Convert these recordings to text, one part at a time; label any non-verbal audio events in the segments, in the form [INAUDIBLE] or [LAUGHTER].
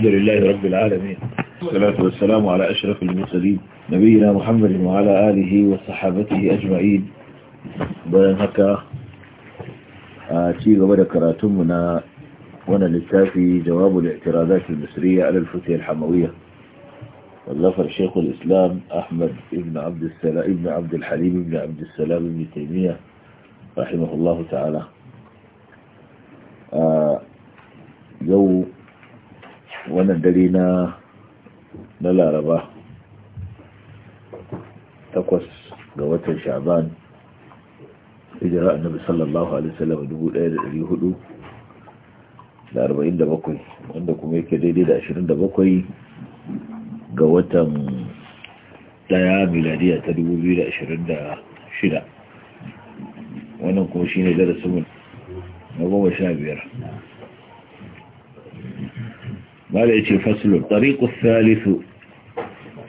الحمد لله رب العالمين والصلاة والسلام على أشرف المرسلين نبينا محمد وعلى آله وصحابته أجمعين بلنهكا هكا تيغ آه، كراتمنا وانا لتافي جواب الاعتراضات المصرية على الفتية الحموية واللفر شيخ الإسلام أحمد ابن عبد السلام ابن عبد الحليم ابن عبد السلام ابن تيمية رحمه الله تعالى جو آه، wannan dare na na laraba takwas ga watan sha'ban hijira annabi sallallahu alaihi wasallam 1400 da 47 wanda kuma yake daidai da 27 ga watan daya miladiya ta 2026 wannan kuma shine darasin na goma sha biyar ما لقيت الفصل الطريق الثالث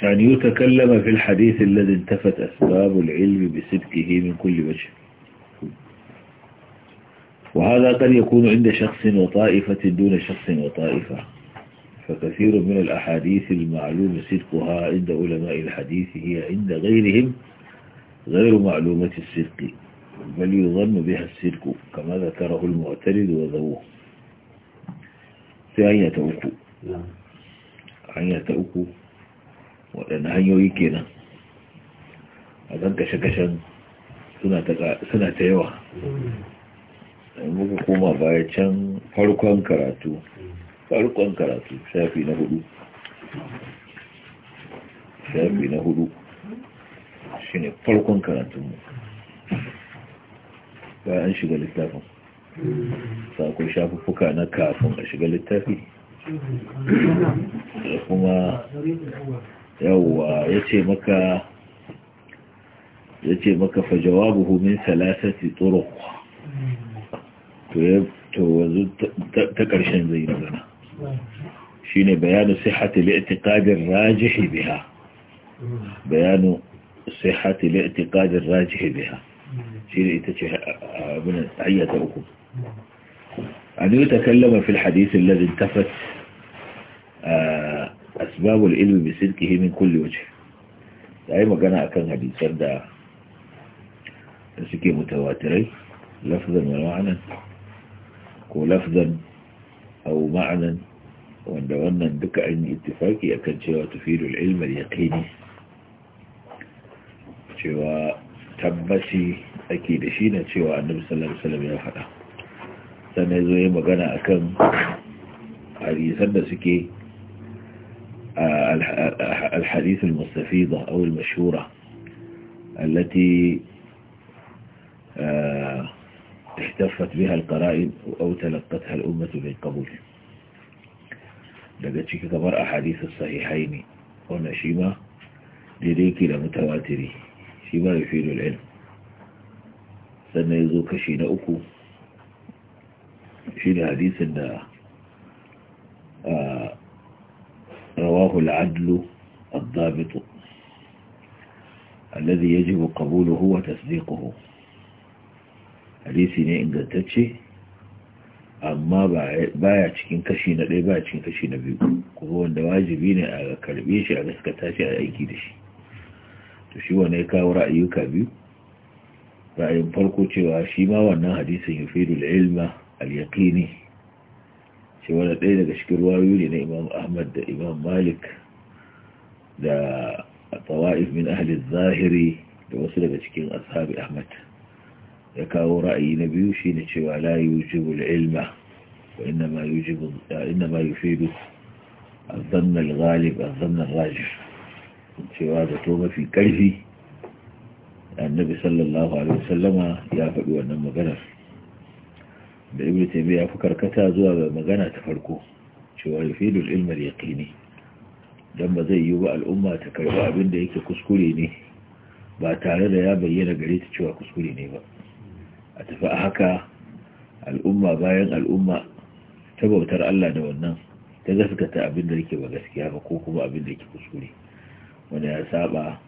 أن يتكلم في الحديث الذي انتفت أسباب العلم بصدقه من كل وجه وهذا قد يكون عند شخص وطائفة دون شخص وطائفة فكثير من الأحاديث المعلوم صدقها عند علماء الحديث هي عند غيرهم غير معلومة الصدق بل يظن بها الصدق كما ذكره المعترض وذوه أي توقف hanya ta uku waɗanne hanyoyi kenan a zan kashe-kashen suna ta yawa mm. muku koma baya can farkon karatu farkon karatu shafi na hudu shafi na hudu shi ne farkon karatunmu bayan shiga littafin mm. sakon shafuffuka na kafin a shiga littafi kuma yawa ya ce maka ya ce maka fa jawabuhu min salasati turuq to ya to wanzu ta karshen zai magana shine bayanu sihhati al-i'tiqad ar-rajih biha bayanu sihhati al-i'tiqad ar-rajih biha shine ita ce abin ayyata uku an yi takallama fi al-hadith alladhi intafat asbabul ilmi bi sidqihi min kulli wajh yayi magana akan hadisar da suke mutawatirai lafzan wa ko lafzan aw ma'anan wanda wannan duka an yi ittifaki akan cewa tufidul ilmi al-yaqini cewa tabbaci ake da shi na cewa annabi sallallahu alaihi wasallam ya faɗa sannan zo yi magana akan hadisar da suke آه، آه، الحديث المستفيضة أو المشهورة التي آه، احتفت بها القرائن أو تلقتها الأمة بالقبول لقد شكت برأة حديث الصحيحين هنا شما لديك لمتواتري شما يفيد العلم سنيزوك شين أكو شين حديث رواه العدل الضابط الذي يجب قبوله وتصديقه hadisi ne ingantacce amma baya cikin kashi na dai baya cikin kashi na biyu kuma wanda wajibi ne a karbe shi a gaskata shi a aiki da shi to shi wanne kawo ra'ayuka biyu ra'ayin farko cewa shi ma wannan hadisin yufidul ilma al-yaqini ce wani ɗaya daga cikin ruwayoyi ne na imam ahmad da imam malik da tsawa'if min ahalin zahiri da wasu daga cikin ashabi ahmad ya kawo ra'ayi na biyu shi ne cewa la yujibu ilma wa innama yujibu a yufidu الظن a الظن الراجح cewa da to mafi ƙarfi annabi sallallahu alaihi wasallama ya faɗi wannan maganar da ibn ya fi karkata zuwa ga magana ta farko cewa yufidul ilmi al-yaqini dan ba zai yi ba al'umma ta karbi abin da yake kuskure ne ba tare da ya bayyana gare ta cewa kuskure ne ba a tafi a haka al'umma bayan al'umma ta bautar Allah da wannan ta gaskata abin da yake ba gaskiya ba ko kuma abin da yake kuskure wanda ya saba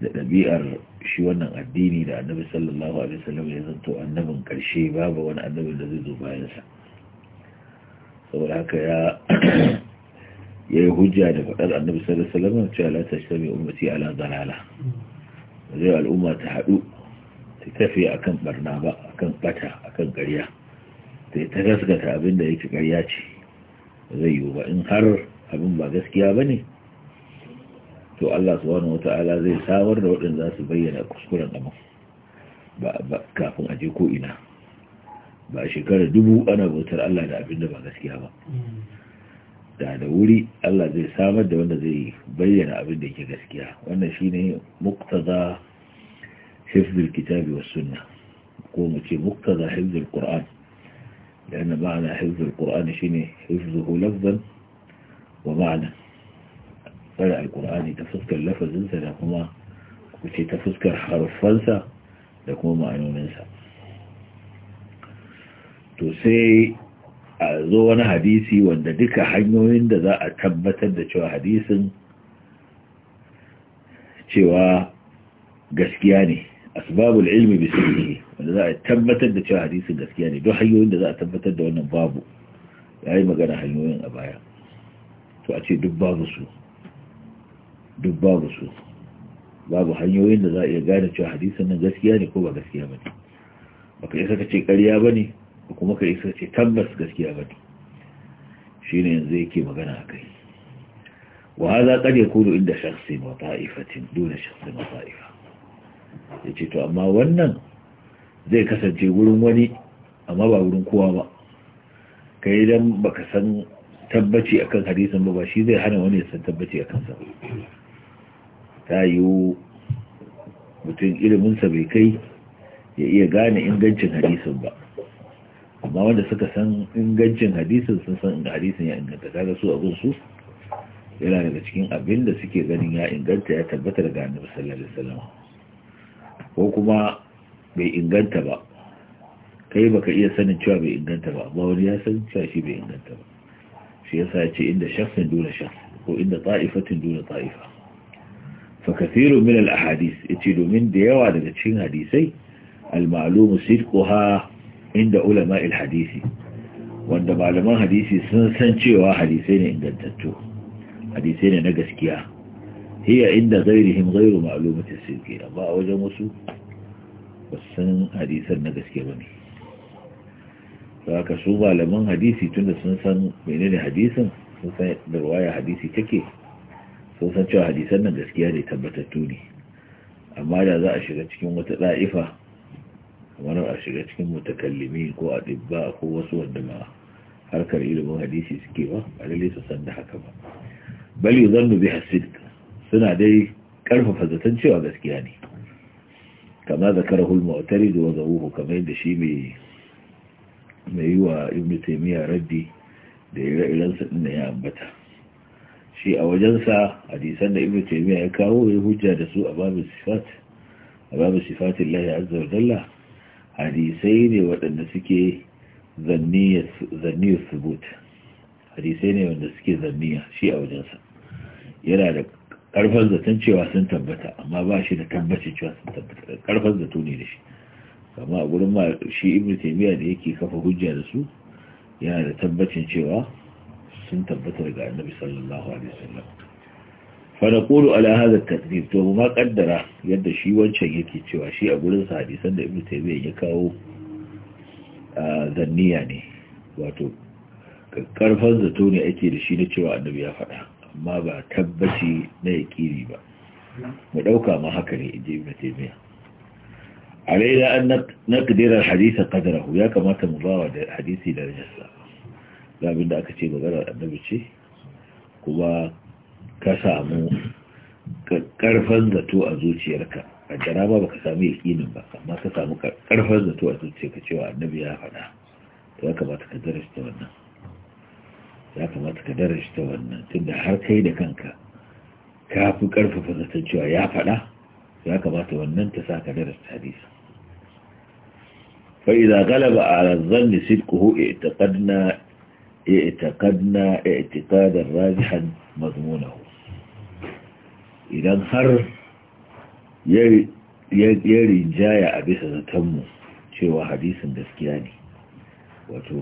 da ɗabi'ar shi wannan addini da annabi sallallahu alaihi wasallam ya zanto annabin ƙarshe babu wani annabin da zai zo bayansa saboda haka ya [CLEARS THROAT] ya yi hujja da faɗar annabi sallallahu alaihi wasallam cewa la tashtami ummati ala dalala zai al'umma ta haɗu ta tafi akan barna ba akan bata akan ƙarya ta ta gaskata abin da yake ƙarya ce zai yiwu ba in har abin ba gaskiya bane to Allah subhanahu wata'ala zai samar da waɗanda za su bayyana kuskuren abin ba kafin a je ko ina ba shekarar dubu ana bautar Allah da abin da ba gaskiya ba da da wuri Allah zai samar da wanda zai bayyana abin da yake gaskiya wannan shine muqtada hifzul kitabi wa sunna ko mu ce muqtada hifzul qur'an لأن معنى حفظ القرآن شيني حفظه wa ma'ana. tsare alkur'ani ta fuskar lafazinsa da kuma kuce ta fuskar harfansa da kuma ma'anoninsa to sai a zo wani hadisi wanda duka hanyoyin da za a tabbatar da cewa hadisin cewa gaskiya ne asbabul ilmi bi sunnihi wanda za a tabbatar da cewa hadisin gaskiya ne duk hanyoyin da za a tabbatar da wannan babu yayi magana hanyoyin a baya to a ce duk babu su duk babu su babu hanyoyin da za a iya gane cewa hadisin nan gaskiya ne ko ba gaskiya ba ne ka isa ka ce karya ba ne ba kuma ka isa ka ce tabbas gaskiya ba ne shi ne yanzu yake magana a kai wa za kad kudu inda shakhsin wa ta'ifatin dole shakhsin ma ta'ifa ce to amma wannan zai kasance wurin wani amma ba wurin kowa ba kai dan baka san tabbaci akan hadisin ba ba shi zai hana wani ya san tabbaci akan sa ta yiwu mutum iliminsa bai kai ya iya gane ingancin hadisun ba amma wanda suka san ingancin hadisun sun san inda hadisun ya inganta kaga su abin su yana daga cikin abin da suke ganin ya inganta ya tabbatar daga annabi sallallahu alaihi wasallam ko kuma bai inganta ba kai baka iya sanin cewa bai inganta ba ba wani ya san cewa shi bai inganta ba shi yasa ya ce inda shafin dole shaf ko inda ta'ifatin dole ta'ifa fa kathiru min al ahadith yace domin da yawa daga cikin hadisai al ma'lum sidquha inda ulama ilhadisi hadisi wanda malaman hadisi sun san cewa hadisai ne ingantattu hadisai ne na gaskiya hiya inda ghairihim zairu ma'lumati sidqi amma a wajen wasu san hadisan na gaskiya bane saka su malaman hadisi tunda sun san menene hadisin sun san da ruwaya hadisi take sun san cewa hadisan nan gaskiya ne tabbatattu ne amma da za a shiga cikin wata ɗa'ifa kamar a shiga cikin mutakallimi ko a ɗibba ko wasu wanda ma harkar ilimin hadisi suke ba a lalle su san da haka ba bal yuzannu bi hasid suna dai karfafa zaton cewa gaskiya ne da karahu al-mu'tarid wa zawuhu kamar yadda shi mai mai yi wa ibnu taymiya raddi da ira iren sa din ya ambata shi a wajensa hadisan da ibnu taymiya ya kawo ya hujja da su a babu sifat a babu sifatin lahi azza wa jalla hadisai ne wadanda suke zanniyar subut hadisai ne wanda suke zanniya shi a wajensa yana da karfan zaton cewa sun tabbata amma ba shi da tabbacin cewa sun tabbata karfan zato ne da shi amma a gurin ma shi ibnu taymiya da yake kafa hujja da su yana da tabbacin cewa sun tabbatar ga annabi sallallahu alaihi wasallam fa naqulu ala hadha at to ma qaddara yadda shi wancan yake cewa shi a gurin sa hadisan da ibnu ya kawo zanniya ne wato karfan zato ne ake da shi na cewa annabi ya faɗa amma ba tabbaci na yaqini ba mu ɗauka ma haka ne inji ibnu taymiyyah alaina an naqdira al-hadith ya kamata mu bawa da hadisi da rajasa da abinda aka ce maganar annabi ce kuma ka samu karfan zato a zuciyarka a jaraba ba ka samu yakinin ba amma ka samu karfan zato a zuciyarka cewa annabi ya faɗa to ya kamata ka darasta wannan ya kamata ka darasta wannan tunda har kai da kanka ka fi karfafa zaton cewa ya faɗa ya kamata wannan ta sa ka darasta hadisa فإذا غلب على الظن صدقه اعتقدنا i'taqadna i'tiqadan rajihan mazmunahu idan har ya rinjaya a bisa zatonmu cewa hadisin gaskiya ne wato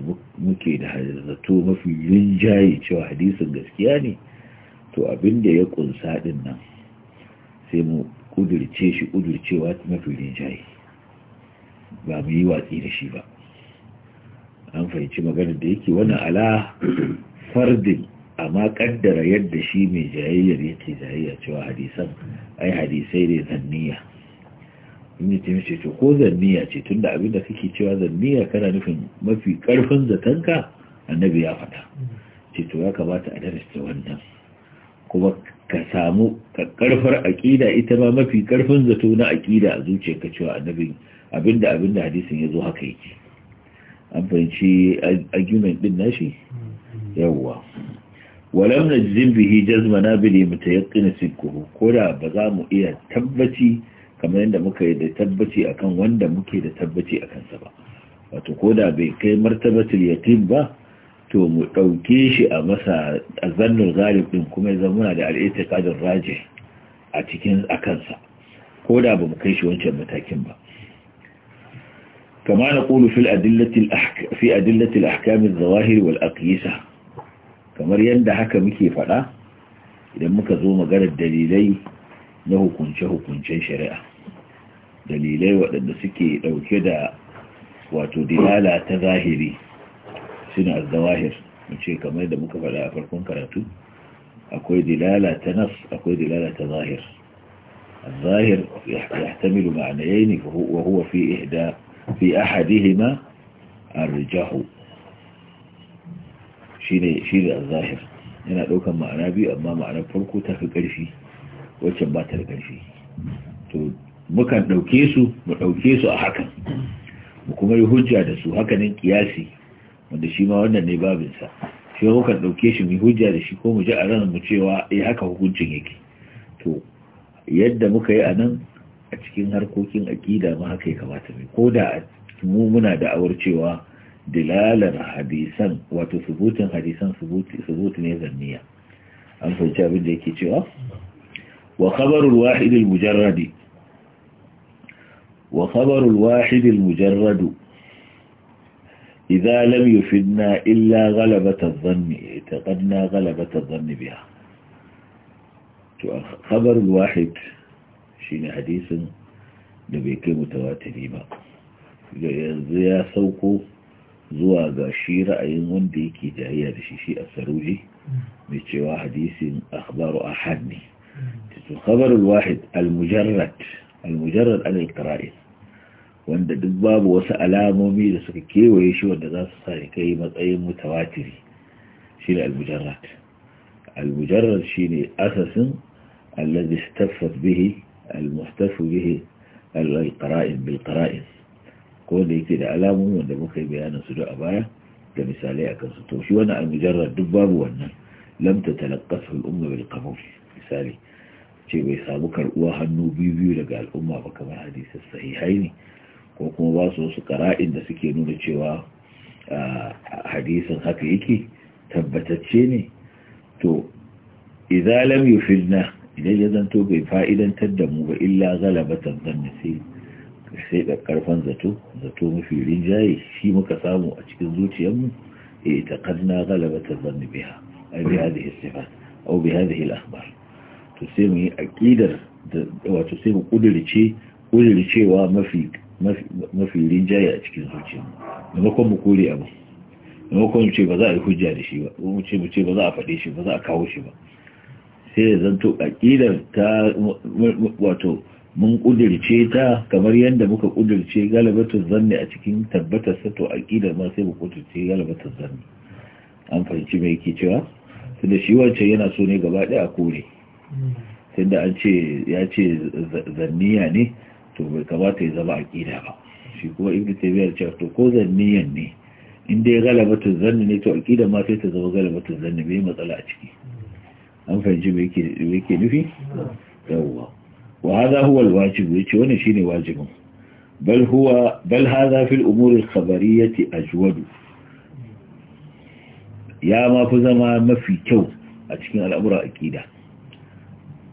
muke da zato mafi rinjaye cewa hadisin gaskiya ne to abinda ya kunsa din nan sai mu kudurce shi kudurcewa mafi rinjaye ba mu yi watsi da shi ba an fahimci maganar da yake wannan ala [CLEARS THROAT] fardin amma kaddara yadda shi mai jayayyar yake jayayya cewa hadisan ai hadisai ne zanniya inda ta mace to ko zanniya ce tunda da abinda kake cewa zanniya kana nufin mafi karfin zatanka annabi ya faɗa ce to ya kamata a darasta wannan kuma ka samu karfar aƙida ita ma mafi karfin zato na aƙida a zuciyarka cewa abinda abinda hadisin ya zo haka yake an fahimci argument din nashi yawwa walam najzim bihi jazmana bil mutayaqqin ko da ba za mu iya tabbaci kamar yadda muka yi da tabbaci akan wanda muke da tabbaci akan sa ba wato da bai kai martabatul yaqin ba to mu ɗauke shi a masa azannul ghalib din kuma ya zama da al-i'tiqadur rajih a cikin akan sa da ba mu kai shi wancan matakin ba كما نقول في الأدلة الأحك في أدلة الأحكام الظواهر والأقيسة كما يندى حكم كيف لا إذا ما كذو ما قال الدليلي له كنشه كنشه شريعة دليلي وأن نسكي لو كده وتدلالة تظاهري سنة الظواهر من شيء كما يدى مكفى لا أفركم كراتو أكوي دلالة تنص أكوي دلالة تظاهر الظاهر يحتمل معنيين وهو في إحدى fi ahadihima arjahu shine shine zahir yana daukan ma'ana biyu amma ma'anar farko ta fi karfi waccan ba ta da karfi to mukan dauke su mu dauke su a hakan mu kuma yi hujja da su hakanin kiyasi wanda shi ma wannan ne babinsa shi mukan dauke shi mu hujja da shi ko mu ji a ran mu cewa eh haka hukuncin yake to yadda muka yi a nan a cikin harkokin aƙida ma haka ya kamata mai ko da mu muna da'awar cewa dilalar hadisan wato subutin hadisan subuti ne zanniya an fahimci abin da yake cewa wa khabarul wahidil mujarradi wa khabarul wahidil mujarradu idza lam yufidna illa ghalabata adh-dhanni taqadna ghalabata adh-dhanni biha to khabarul wahid shine hadisin da bai kai mutawatiri ba ga yanzu ya sauko zuwa ga shi ra'ayin wanda yake jayayya da shi shi a saruji mai cewa hadisin akhbaru ahad ne to khabarul wahid al-mujarrad al-mujarrad an al qirai wanda duk babu wasu alamomi da suka kewaye shi wanda za su sani kai matsayin mutawatiri shi ne al-mujarrad al-mujarrad shine asasin alladhi staffat bihi المحتف به القرائن بالقرائن ko da yake da alamun wanda muka yi bayanin su a baya da misalai a su to shi wani almujarrad duk babu wannan lamta ta talaqasu al bil misali ce bai samu karbuwa hannu biyu biyu daga al'umma ba kamar hadisi sahihai ne ko kuma ba su wasu kara'in da suke nuna cewa hadisin haka yake tabbatacce ne to idza lam idan ya zanto bai fa'idantar da mu ba illa galabatan zanna sai da karfan zato zato mafi rinjaye shi muka samu a cikin zuciyarmu eh taqadna galabatan zanna biha ai bi hadhihi sifat aw bi hadhihi al-akhbar to sai mu yi aƙidar da wato sai mu kudurce kudurcewa mafi rinjaye a cikin zuciyarmu maimakon mu kore abu maimakon mu ce ba za a yi hujja da shi ba mu ce mu ce ba za a faɗe shi ba za a kawo shi ba sai ya zanto aƙidar ta wato mun ƙudirce ta kamar yadda muka ƙudirce galabatun zanne a cikin tabbatar sato aƙidar ma sai mu ƙudirce galabatun zanne an fahimci mai ke cewa su da shi wancan yana so ne gaba ɗaya a kore sai da an ce ya ce zanniya ne to bai kamata ya zama aƙida ba shi kuma ta biyar cewa to ko zanniyan ne inda ya galabatun zanne ne to aƙidar ma sai ta zama galabatun zanne bai matsala a ciki an fahimci me nufi yawwa wa hadha huwa alwajib yace wannan shine wajibin bal huwa bal hadha fil umur alkhabariyyati ajwadu ya ma fi zama mafi kyau a cikin al'amuran aqida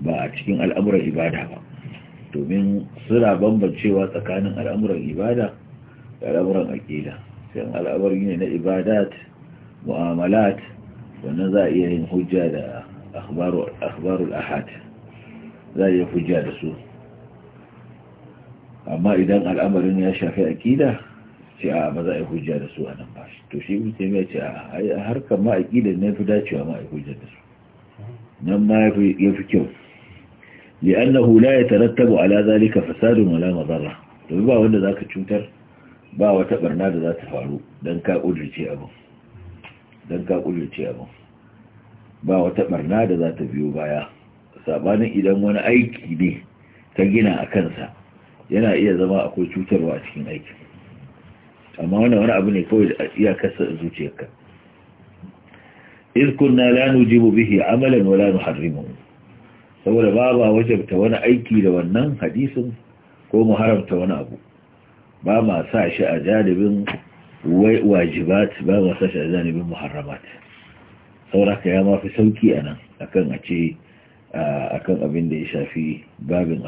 ba a cikin al'amuran ibada ba domin suna bambancewa tsakanin al'amuran ibada da al'amuran aqida sai al'amari ne na ibadat mu'amalat wannan za a iya yin hujja da akhbarul ahad za ya hujja da su amma idan al'amarin ya shafi akida ce a ba za a yi hujja da su a nan ba to shi mutum ya ce a harkar ma akida ne fi dacewa ma a yi hujja da su nan ma ya fi kyau li'annahu la yatarattabu ala zalika fasadun wala madarra to ba wanda zaka cutar ba wata barna da za ta faru dan ka kudurce abu dan ka kudurce abu ba wata barna da za ta biyo baya sabanin idan wani aiki ne ta gina a kansa yana iya zama akwai cutarwa a cikin aiki. amma wani wani abu ne kawai da kasa da zuciyarka iz na lanu jibu bihi amalan wala harimu saboda ba ba wajabta wani aiki da wannan hadisin ko mu haramta wani abu ba ma sa shi a jalibin wajibat ba ma sa shi a jalibin muharramat sauraka ya fi sauki a nan a kan a ce a kan abin da ya shafi babin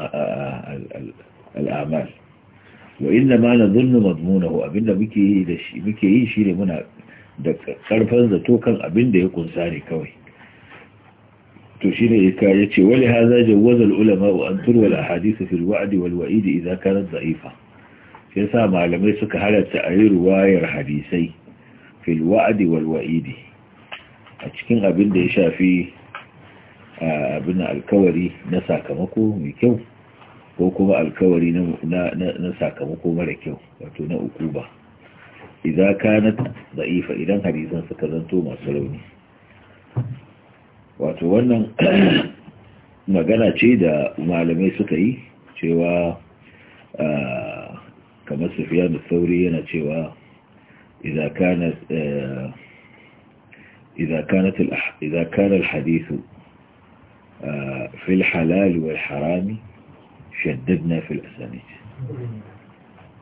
al'amal wa inda ma na zunnu mazmunahu da muke yi shi ne muna da karfan zato kan abin da ya kunsa ne kawai to shi ne ya ce wani ha haza jawaza ulama wa an turwa al-ahadith fi al-wa'd wal wa'id idza za'ifa da'ifa sa malamai suka halatta a yi ruwayar hadisai fil wa'd wal wa'idi a cikin abin da ya shafi abin alkawari na sakamako mai kyau ko kuma alkawari na sakamako mara kyau wato na uku ba, idan na da'ifa idan hadisan suka zanto masu rauni wato wannan [CLEARS THROAT] magana ce da malamai suka yi cewa kamar sufiya da sauri yana cewa idan kanat eh, إذا كانت إذا كان الحديث آه، في الحلال والحرام شددنا في الأسانيد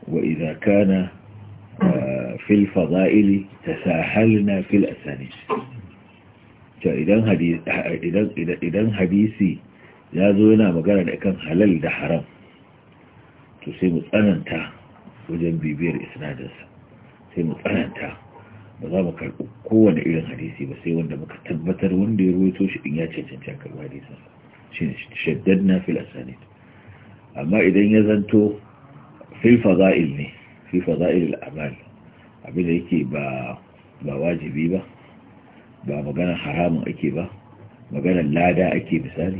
وإذا كان آه، في الفضائل تساهلنا في الأسانيد إذا حديثي يا زوينا مقالا كان حلال ده حرام تسيمت أنا انتا وجنبي بير إسنادس تسيمت أنا انتا ba za mu karɓi kowane irin hadisi ba sai wanda muka tabbatar wanda ya ruwaito shi in ya cancanci a karɓi hadisin shine shaddadna fil asanid amma idan ya zanto fil fada'il ne fi fada'il amal abin da yake ba ba wajibi ba ba maganar haramun ake ba maganar lada ake misali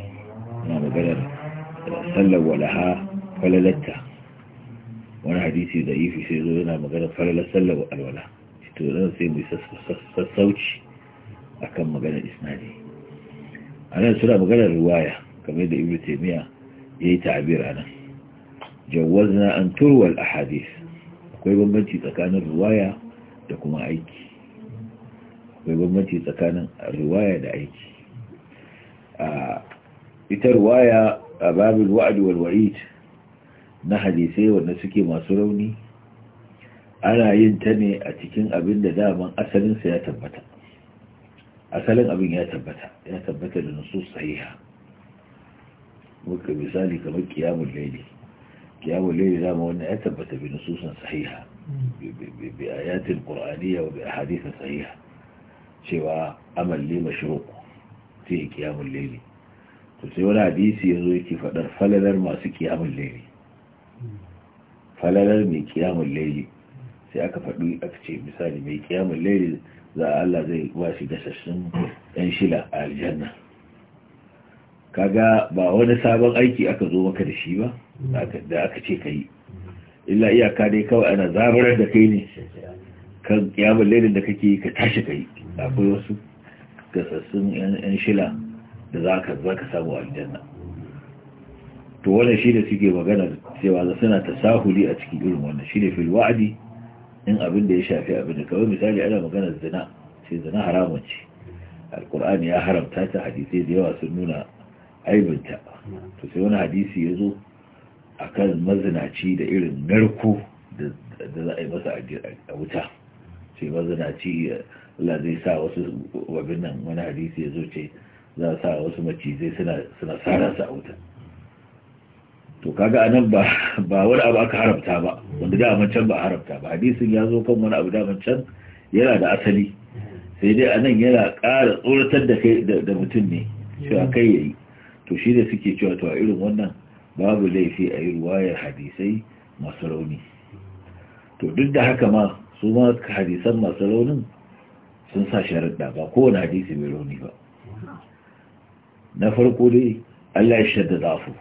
na maganar eh, sallar walaha falalatta wani hadisi da ifi sai zo yana maganar falalar sallar alwala to zan sai mu sassauci akan maganar isnadi a nan suna maganar ruwaya kamar da ibnu taymiya yayi ta'bir a nan jawazna an turwal ahadith akwai bambanci tsakanin ruwaya da kuma aiki akwai bambanci tsakanin ruwaya da aiki a ita ruwaya a babin wa'ad wal na hadisai wanda suke masu rauni ana yin ta ne a cikin abin da daman asalinsa ya tabbata asalin abin ya tabbata ya tabbata da nasu sahiha muka misali kamar kiyamun laili kiyamun laili dama wannan ya tabbata bi nususan sahiha bi ayatin qur'aniyya wa bi ahadithin sahiha cewa amal li mashruq fi kiyamun laili to sai wani hadisi yazo yake fadar falalar masu kiyamun laili falalar mai kiyamun laili sai aka faɗi aka ce misali mai kiyamun laili za a Allah zai ba shi gasassun ɗan shila a aljanna kaga ba wani sabon aiki aka zo maka da shi ba da aka ce ka yi illa iyaka dai kawai ana zabar da kai ne kan kiyamun laili da kake ka tashi ka yi akwai wasu gasassun yan shila da za ka samu aljanna to wannan shi da suke magana cewa suna tasahuli a cikin irin wannan shi ne fil wa'adi in abin da ya shafi abin da kawai misali ana magana zina zina haramun ce alkur'ani ya haramta ta hadisai da yawa sun nuna aibinta to sai wani hadisi ya zo a kan mazinaci da irin narko da za a yi masa a wuta sai mazinaci Allah zai sa wasu wabin nan wani hadisi ya zo ce za a sa wasu macizai suna sarasa a wuta to kaga anan ba ba wani abu aka haramta ba wanda da can ba haramta ba hadisin ya zo kan wani abu da can yana da asali sai dai anan yana ƙara tsoratar da kai da mutum ne cewa kai yayi to shi da suke cewa to irin wannan babu laifi a yi ruwayar hadisai masu rauni to duk da haka ma su ma hadisan masu raunin sun sa sharaɗa ba kowane hadisi mai rauni ba na farko dai Allah ya shaddada su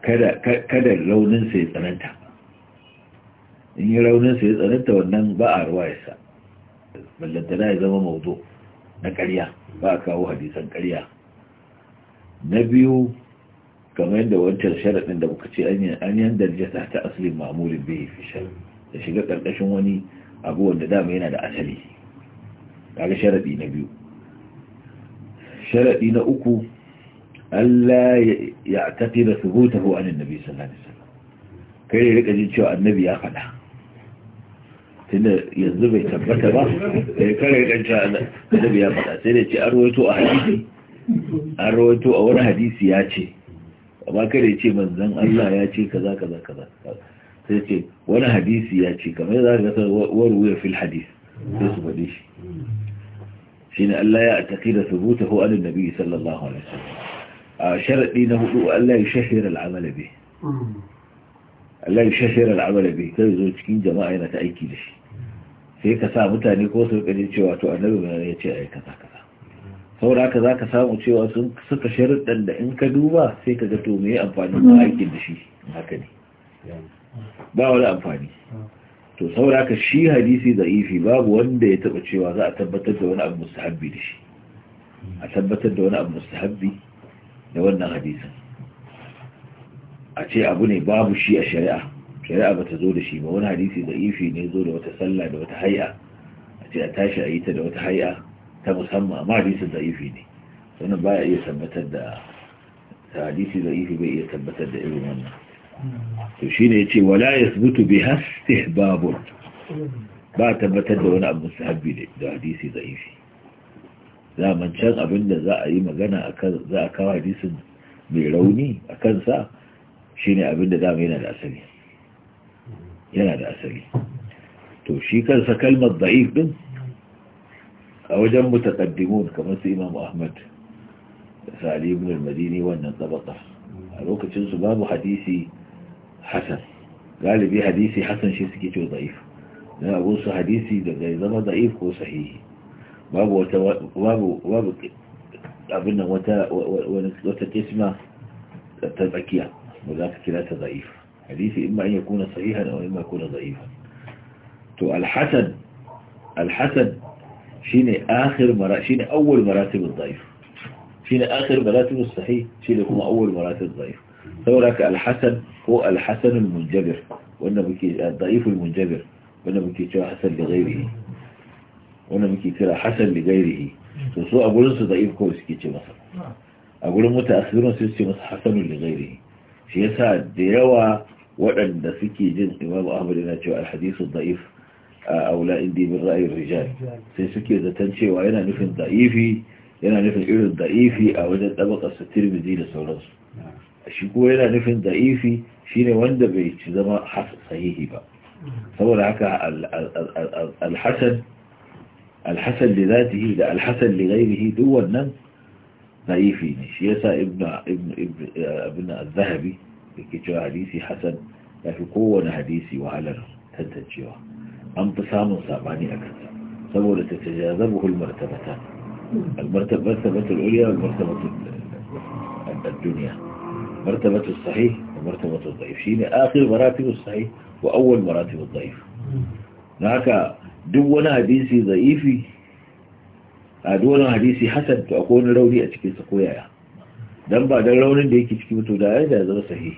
kada rauninsa ya tsananta in yi rauninsa ya tsananta wannan ba a ruwa yasa ballantana ya zama mauzo na karya ba a kawo hadisan karya na biyu kamar yadda wancan sharaɗin da muka ce an yan darjata ta asalin mamulin bai fi da shiga ƙarƙashin wani abu wanda dama yana da asali kaga sharaɗi na biyu sharaɗi na uku Allah ya tafi da subutahu an annabi sallallahu alaihi wasallam kai ne rika jin cewa annabi ya faɗa tunda yanzu bai tabbata ba sai kare rika cewa annabi ya faɗa sai ne ce an rawaito a hadisi an rawaito a wani hadisi ya ce amma kare ce manzan Allah ya ce kaza kaza kaza sai ce wani hadisi ya ce kamar za ka san ya fil hadisi sai su faɗi shi shine Allah ya ataqida thubutahu an annabi sallallahu alaihi wasallam sharaɗi na hudu Allah ya shahira al'amala bi Allah ya shahira al'amala bi kai zo cikin jama'a yana ta aiki da shi sai ka sa mutane ko su kaje cewa to annabi ba ya ce a yi kaza kaza saboda haka za ka samu cewa sun suka sharuɗan da in ka duba sai ka ga to me amfani ba aikin da shi haka ne ba wani amfani to saboda haka shi hadisi za'ifi babu wanda ya taɓa cewa za a tabbatar da wani abu mustahabbi da shi a tabbatar da wani abu mustahabbi da wannan hadisin a ce abu ne babu shi a shari'a shari'a ba ta zo da shi ba wani hadisi da ifi ne zo da wata sallah da wata haya. a ce a tashi a yi ta da wata haya ta musamman amma hadisi da ifi ne ba baya iya tabbatar da ta hadisi da ifi bai iya tabbatar da irin wannan to shine ce wala yasbutu bi babu. ba tabbatar da wani abu sahabbi da hadisi da ifi daman can abin da za a yi magana za a kawo hadisin mai rauni a kansa shine abin da dama yana da asali yana da asali to shi kansa kalmar da'if din a wajen mutaqaddimun kamar su Imam Ahmad da Sali ibn madini wannan tabaka a lokacin babu hadisi hasan galibi hadisi hasan shi suke cewa da'if na abun su hadisi daga zama da'if ko sahihi باب باب باب وذلك لا ضعيف حديث اما ان يكون صحيحا او اما يكون ضعيفا تو الحسد الحسد شيني اخر مرا شيني اول مراتب الضعيف شيني اخر مراتب الصحيح شيني هو اول مراتب الضعيف فورك الحسد هو الحسن المنجبر وانه بك الضعيف المنجبر وانه بك حسن لغيره wanda muke kira hasan li gairihi to su a gurinsu su da ifko suke ce masa a gurin mutasirin su ce masa hasanun li gairihi shi yasa da yawa waɗanda suke jin imam ahmad yana cewa alhadisu da'if a aula indi ra'ayin rijal sai suke zaton cewa yana nufin da'ifi yana nufin irin da'ifi a wajen ɗabakar su tirmidhi da sauransu shi kuma yana nufin da'ifi shine wanda bai ci zama sahihi ba saboda haka alhassan الحسن لذاته لا الحسن لغيره دول نم نايفين يسا ابن, ابن, ابن, ابن الذهبي كتو حديثي حسن لكي قوة حديثي وعلى تنتجيوه أم تسام صعباني أكثر سبولة تتجاذبه المرتبتان المرتبة الأولية والمرتبة الدنيا مرتبة الصحيح ومرتبة الضعيف شيني آخر مراتب الصحيح وأول مراتب الضعيف هناك duk wani hadisi za'ifi a duk wani hadisi hasan to akwai wani rauni a cikinsa sa koyaya dan ba don raunin da yake ciki mutu da ya zama sahihi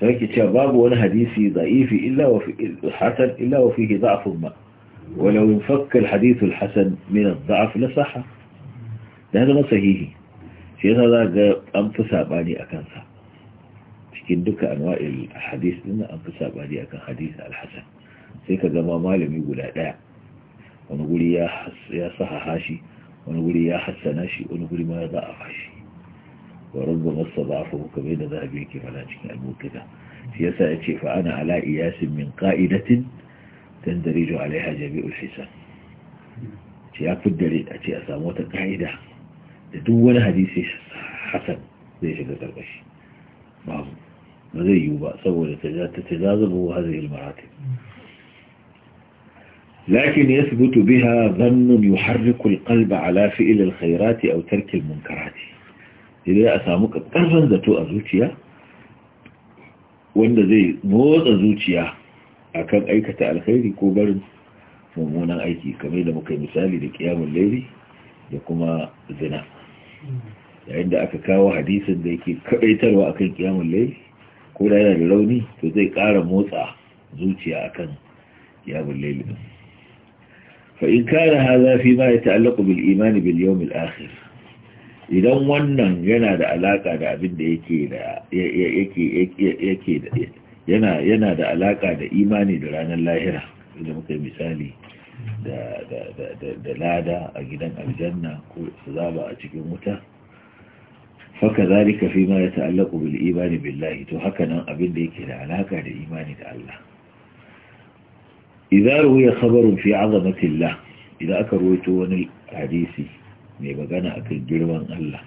sai yake cewa babu wani hadisi za'ifi illa wa fi hasan illa wa fihi da'fun wani ولو انفك الحديث الحسن من الضعف لصح ده هذا صحيحي shi yasa za ga an fi saɓani a kansa cikin duka anwa'il hadis ɗin an fi saɓani a kan hadis al-hassan sai ka zama malami guda daya wani guri ya saha hashi wani guri ya hassana shi wani guri ma ya za a fashi wa rabu masu ba a fahimta mai da zaɓe yake fara cikin albutuka shi ya sa ya ce fa ana ala iyasin min ka'idatin dan darijo alaiha jami hisan ce ya fi dare a ce a samu wata ka'ida da duk wani hadisi hasan zai shiga karkashi babu ba zai yiwu ba saboda ta zazzabo hazin ilmaratin لكن يثبت بها ظن يحرك القلب على فعل الخيرات أو ترك a samu أسامك zato a zuciya wanda zai motsa zuciya akan aikata alkhairi ko barin mummunan aiki kamar da muka yi misali da kiyamun laili da kuma zina yayin da aka kawo hadisin da yake kadaitarwa akan kiyamun laili ko da yana da rauni to zai ƙara motsa zuciya akan kiyamun laili فإن كان هذا فيما يتعلق بالإيمان باليوم الآخر إذا ونن ينا علاقة دا أبن ينا, ينا دا علاقة دا إيماني دران اللاهرة إذا ممكن مثالي دا, دا, دا, دا, دا لادا أجدن الجنة سذابة أجيك المتا فكذلك فيما يتعلق بالإيمان بالله تحكنا أبن دا يكي دا إيماني دا الله idza ruwiya khabarun fi azamati Allah idan aka ruwaito wani hadisi mai magana akan girman Allah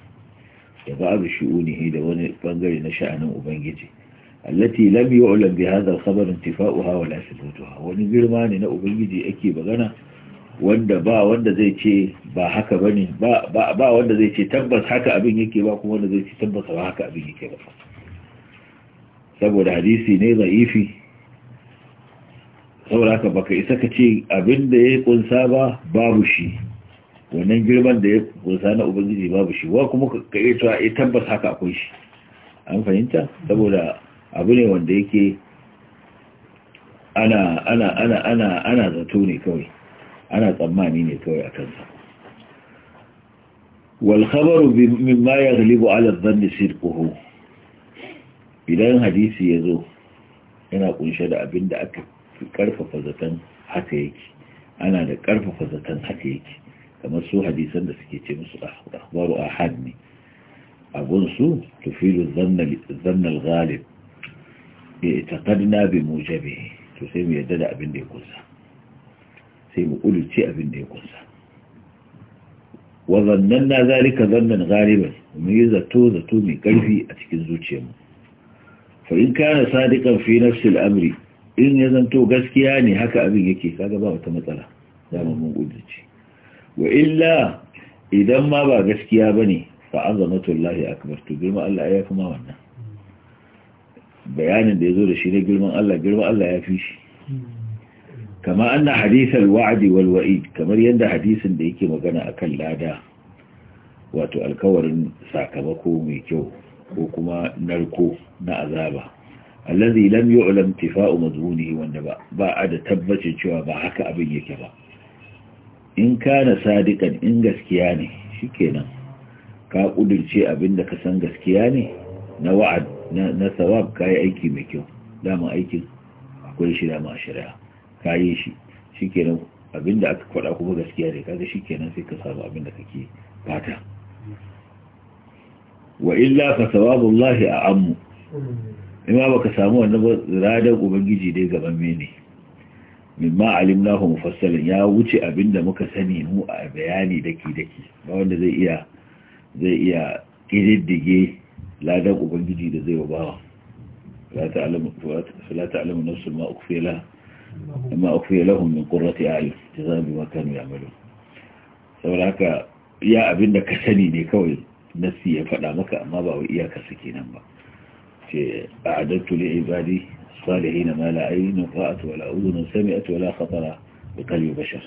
da ba'adu shu'unihi da wani bangare na sha'anin ubangiji allati lam yu'lam bi hadha al-khabar intifa'uha wa la wani girma ne na ubangiji ake magana wanda ba wanda zai ce ba haka bane ba ba wanda zai ce tabbas haka abin yake ba kuma wanda zai ce tabbas ba haka abin yake ba saboda hadisi ne za'ifi saboda haka baka isa ka ce abin da ya kunsa ba babu shi wannan girman da ya kunsa na ubangiji babu shi wa kuma ka iya cewa ya eh, tabbas haka akwai shi an fahimta saboda abu ne wanda yake ana zato ne kawai ana tsammani ne kawai a kansa wal khabaru mimma yaghlibu ala dhanni sidquhu idan hadisi yazo yana kunshe da abin aka karfafa zaton haka yake ana da karfafa zaton haka yake kamar su hadisan da suke ce musu akhbaru ahad ne abun su tufilu zanna al-ghalib i'taqadna bi mujabi to sai mu yadda da abin da ya kunsa sai mu kudurce abin da ya kunsa wa zannanna zalika zannan ghaliban mu yi zato zato mai karfi a cikin zuciyarmu fa in kana sadiqan fi nafsi al-amri in ya zanto gaskiya ne haka abin yake kaga ba wata matsala dama mun gudace wa illa idan ma ba gaskiya bane fa azamatullahi akbar to girma Allah ya kuma wannan bayanin da zo da shi ne girman Allah girman Allah ya fi shi kama anna hadithal wa'di wal walwa'i kamar yadda hadisin da yake magana akan lada wato alkawarin sakamako mai kyau ko kuma narko na azaba allazi lam yu'lam tifa'u mazmunihi wanda ba ba a da tabbacin cewa ba haka abin yake ba in kana sadiqan in gaskiya ne shikenan ka kudirce abinda ka san gaskiya ne na wa'ad na sawab kai aiki mai kyau dama aikin akwai shi dama shari'a kayi shi shikenan abinda aka faɗa kuma gaskiya ne kaga shikenan sai ka samu abinda kake fata wa illa fa sawabullahi a'ammu ima ka samu wannan ba radar ubangiji dai gaban mene mimma hu mufassalin ya wuce abinda muka sani mu a bayani daki daki ba wanda zai iya zai iya kididdige ladar ubangiji da zai bawa la ta'lamu la ta'lamu nafsun ma ukhfiya laha ma ukhfiya lahum min qurrati a'yun jazaa bima kanu ya'malun saboda haka iya abinda ka sani ne kawai nasi ya faɗa maka amma ba wai iyaka su nan ba أعددت لعبادي الصالحين ما لا عين رأت ولا أذن سمعت ولا خطر بقلب بشر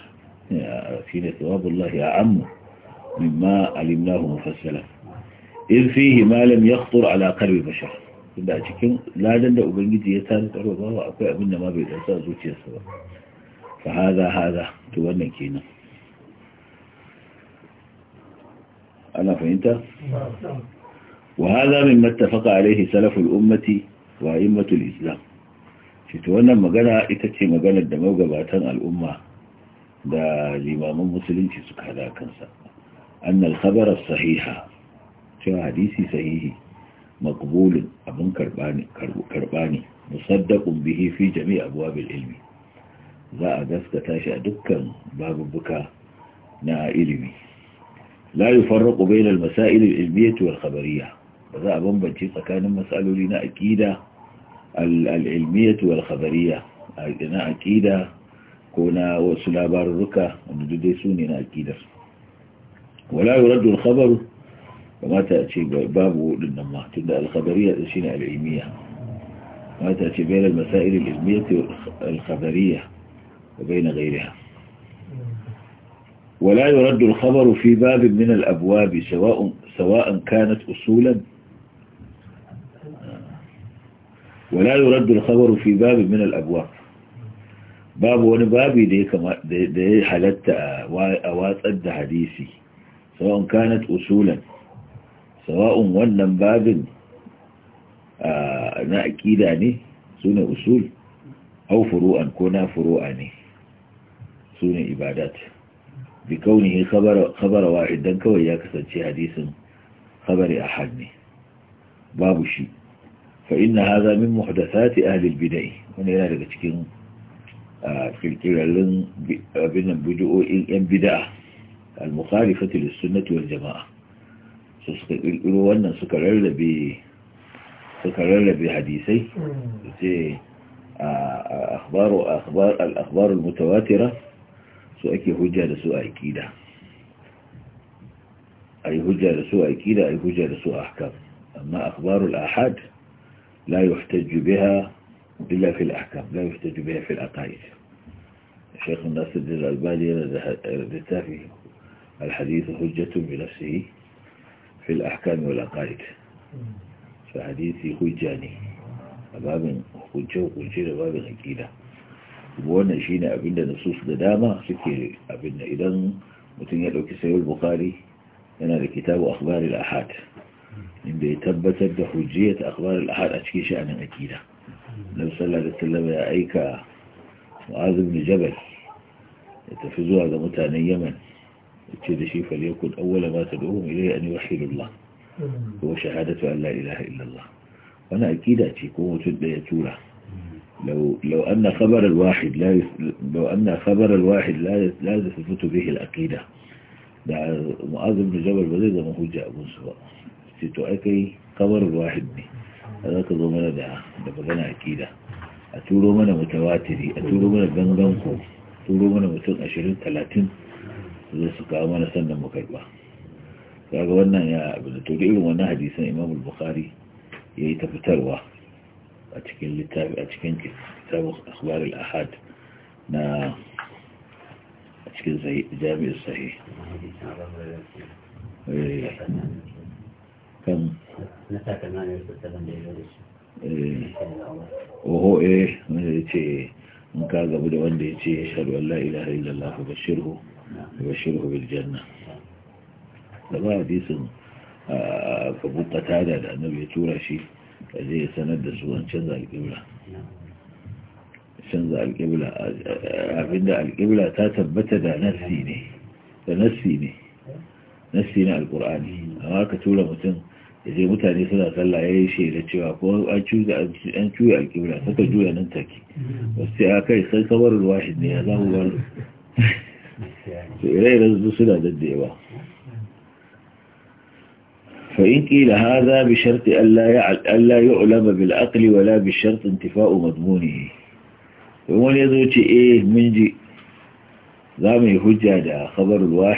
فينا ثواب الله أعم مما علمناه مفسلا إذ فيه ما لم يخطر على قلب بشر لا دند أبنجدي يتان تعرض الله أقوى منا ما بيد أساس وشي السبب فهذا هذا تولنا كينا أنا فهمت؟ نعم, نعم. وهذا مما اتفق عليه سلف الأمة وأئمة الإسلام شتوانا مغانا إتتي مغانا الدموغة باتان الأمة دا الإمام المسلم شسك هذا كنسا أن الخبر الصحيح شو حديثي صحيح مقبول أبن كرباني, كرباني مصدق به في جميع أبواب العلم ذا أدفك تاشا دكا باب بكا نا علمي لا يفرق بين المسائل العلمية والخبرية فذا بمبنجي سكان لنا أكيدة العلمية والخبرية أنا أكيدة كنا وسلابار ركا ونجدسونين أكيدة ولا يرد الخبر وما تأتي بابه للنما تبدأ الخبرية تشين العلمية ما تأتي بين المسائل العلمية والخبرية وبين غيرها ولا يرد الخبر في باب من الأبواب سواء, سواء كانت أصولا wala yuraddu al-khabaru fi babin min al-abwab babu wani babi da ya kama halatta a watsar da hadisi sawa'un kanat usulan sawa'un wannan babin na aƙida ne sune usul aw furu'an ko na furu'a ne sune ibadat bi kaunihi khabara khabara kawai ya kasance hadisin habari a hannu babu shi فإن هذا من محدثات أهل البدع من إلى ذلك في الكلام بين بدء البدع المخالفة للسنة والجماعة وأن سكرر لبي سكرر لبي حديثي أخبار أخبار الأخبار المتواترة سؤالك هجة لسؤالك كيدا أي هجة لسؤالك كيدا أي هجة لسؤالك أما أخبار الآحاد لا يحتج بها إلا في الأحكام لا يحتج بها في الأقايد الشيخ الناصر دل البالي في الحديث حجة بنفسه في الأحكام والعقائد فحديثي هجاني أبابا هجة وهجة أبابا هجينا وانا شينا أبنى نصوص دداما سكري اذا إذن متنجلو كسير البخاري انا لكتاب أخبار الأحاد من بيتبت بحجية أخبار الأحاد أشكي أنا أكيدا نبي صلى الله عليه وسلم يا أيكا معاذ بن جبل يتفزوا هذا متان يمن الشيء فليكن أول ما تدعوهم إليه أن يوحدوا الله هو شهادة أن لا إله إلا الله أنا أكيدا أشيكو متدبية تولى لو لو أن خبر الواحد لا لو أن خبر الواحد لا لا تثبت به الأقيدة معاذ بن جبل بذل ما هو جاء أبو سفاء ce to ai kai kabarul wahid ne za ka zo mana da da magana akida a turo mana mutawatiri a turo mana gangan ku turo mana mutum 20 30 zai su kawo mana sannan mu karba kaga wannan ya abu da to irin wannan hadisan Imam al-Bukhari yayi ta fitarwa a cikin littafi a cikin kitabu akhbar al-ahad na cikin jami'ar sahih kan na takalma ne da da ya da shi eh. oho eh wanda ya ce in ka gabu da wanda ya ce ya shaɗu Allah ilaha illallah ba shirhu ba shirhu bil janna daga hadisin ka bukata da da annabi ya tura shi a zai ya sanar da zuwan canza alƙibla canza alƙibla abinda alƙibla ta tabbata da nassi ne da nassi ne nassi na alƙur'ani amma ka tura mutum zai mutane suna sallah ya yi shaida cewa ko an cuta an cuta a kibra suka juya nan take wasu sai aka yi sai kamar ruwa shi ne ya zama ba su ire-ire su suna daddewa fa in kila ha za bi sharti allah ya ulama bil akali wala bi sharti intifa'u madmuni wani ya zo ce eh mun ji za mu yi hujja da kamar ruwa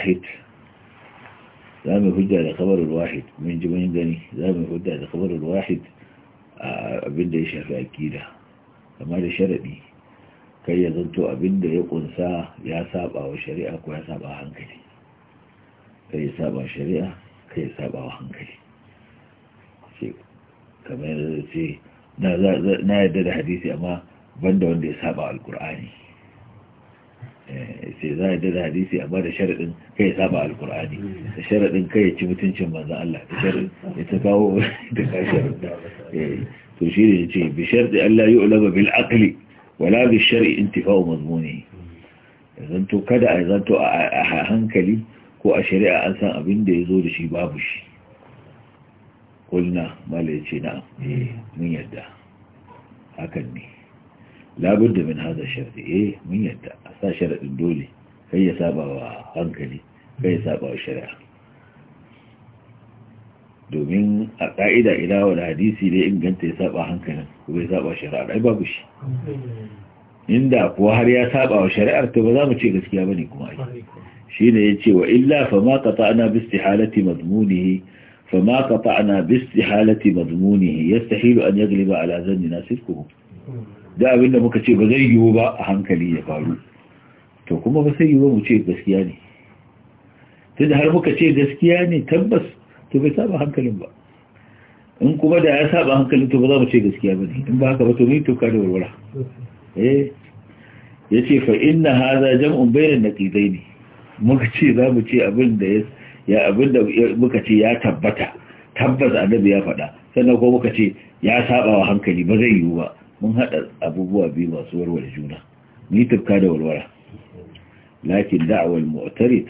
za mu hujja da khabarul wahid mun ji mun gani za mu hujja da khabarul wahid abin da ya shafi akida amma da sharadi kai ya zanto abin da kunsa ya saba wa shari'a ko ya saba hankali kai ya saba shari'a kai ya saba wa hankali kamar yadda ce na yadda da hadisi amma banda wanda ya saba alkur'ani ce za a da hadisi amma da sharaɗin kai ya saba alkur'ani da sharaɗin kai ya ci mutuncin manzan Allah da sharaɗin ya ta kawo [LAUGHS] da kashar eh, to shi ne ce bi sharɗi Allah yi ulama bil aqli wala bi shar'i intifa'u mazmuni to kada a zanto a hankali ko a shari'a an san abin da ya zo da shi babu shi kulna mala ya ce na eh, mun yadda hakan ne لا بد من هذا الشرط إيه من يتأ أستشرة الدولي هي سابوا أنكلي هي سابوا الشرع دومين القاعدة إلى والحديث إلى إن كنت سابوا أنكلي هو سابوا الشرع عيب أبوش إن دا بوهر يا سابوا الشرع أرتبط ما تشي قسكي أبني كماي شين يجي وإلا فما قطعنا باستحالة مضمونه فما قطعنا باستحالة مضمونه يستحيل أن يغلب على ذن ناسفكم da abinda muka ce ba zai yiwu ba a hankali ya faru to kuma ba sai yiwu mu ce gaskiya ne da har muka ce gaskiya ne tabbas to bai saba hankalin ba in kuma da ya saba hankalin to ba za mu ce gaskiya ba ne in ba haka ba to to ka da warwara eh ya ce fa inna haza jam'un bayna naqidaini ne muka ce za mu ce abin da ya abin da muka ce ya tabbata tabbas annabi ya faɗa sannan ko muka ce ya saba wa hankali ba zai yiwu ba mun haɗa abubuwa biyu masu warware juna ni tufka da walwara lakin da'awar mu'tarid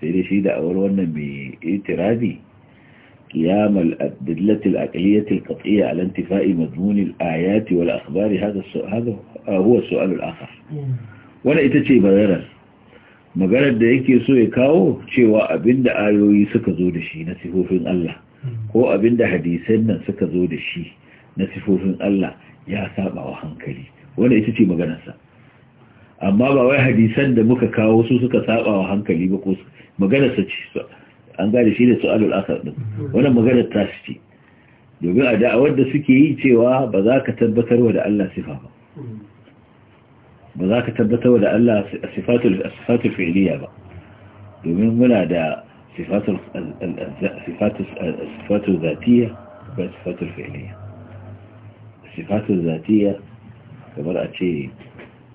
sai da shi da'awar wannan mai itirazi قيام الأدلة العقلية القطعية على انتفاء مضمون الآيات والأخبار هذا هذا هو السؤال الآخر ولا إتشي بغيرا maganar da yake so ya kawo cewa abinda ayoyi suka zo da shi na sifofin Allah ko abinda hadisan nan suka zo da shi na sifofin Allah ya saba wa hankali wanda ita ce maganarsa amma ba wai hadisan da muka kawo su suka saba wa hankali ba ko maganarsa ce an gane shi da su'alul asar din wannan maganar ta ce domin a da'awar da suke yi cewa ba za ka tabbatar wa da Allah sifa ba ba za ka tabbatar wa da Allah sifatul sifatul fi'liya ba domin muna da sifatul sifatul sifatul zatiyya ba sifatul fi'liya الصفات الذاتية كبر أتي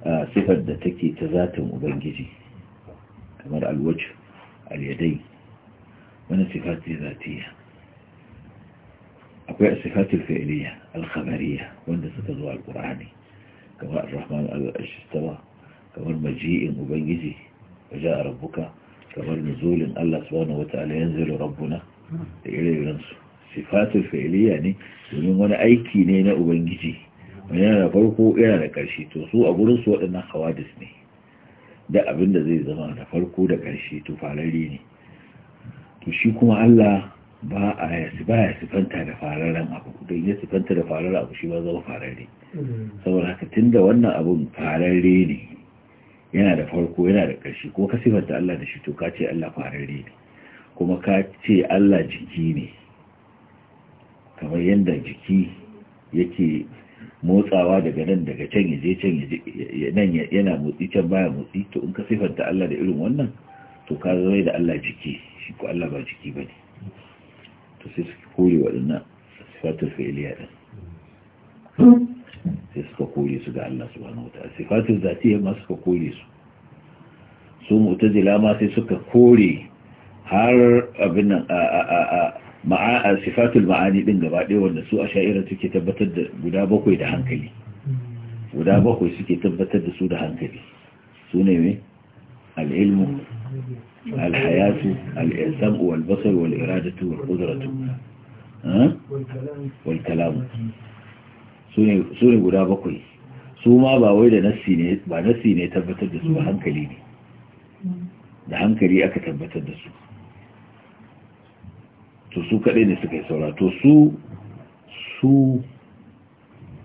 آه، صفة ذاتية تذات أبنجي كبر الوجه اليدين من الصفات الذاتية أقوى الصفات الفعلية الخبرية وانت ستضوى القرآني كما الرحمن الاشتوى كما المجيء مبيزي وجاء ربك كما النزول الله سبحانه وتعالى ينزل ربنا إليه ينصر sifatul fa'iliya ne domin wani aiki ne na ubangiji wani yana da farko yana da ƙarshe to su a gurin su waɗannan hawadis ne da abin da zai zama da farko da ƙarshe to farare ne to shi kuma Allah ba a ba ya sifanta da fararen abu don ya sifanta da fararen abu shi ba zama farare saboda haka tunda wannan abun farare ne yana da farko yana da ƙarshe ko ka sifanta Allah da shi to ka ce Allah farare ne kuma ka ce Allah jiki ne kamar yadda jiki yake motsawa daga nan daga can ya je can nan yana motsi can baya motsi to in ka sifanta Allah da irin wannan to ka zama da Allah jiki shi ko Allah ba jiki bane to sai suka koyi waɗannan sifatul fa'iliya din sai suka kore su ga Allah subhanahu ta'ala sifatul zatiya ma suka kore su su mu'tazila ma sai suka kore har abin nan a a a sifatul ma'ani din gaba ɗaya wanda su a sha'ira suke tabbatar da guda bakwai da hankali guda bakwai suke tabbatar da su da hankali su ne mai al'ilmu alhayatu al'insam walbasar wal'iradatu wal'uzuratu walkalamu su ne guda bakwai su ma ba wai da nassi ne ba nassi ne tabbatar da su hankali ne da hankali aka tabbatar da su to su kaɗai ne suka yi saura to su su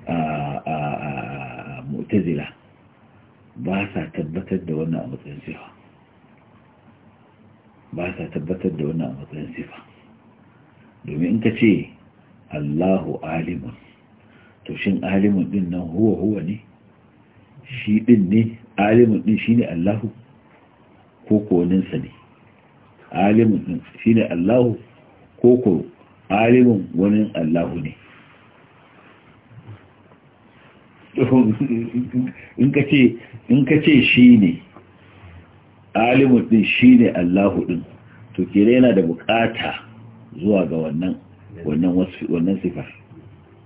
a mutazila ba sa tabbatar da wannan a matsayin sifa ba sa tabbatar da wannan a matsayin sifa domin in ka ce allahu alimun to shin alimun din nan huwa huwa ne shi din ne alimun din shi ne allahu ko koninsa ne alimun din shi ne allahu ko ko alimin wani allahu ne [LAUGHS] in ka ce shi ne alimin din shi ne allahu din to kira yana da bukata zuwa ga wannan wannan sifar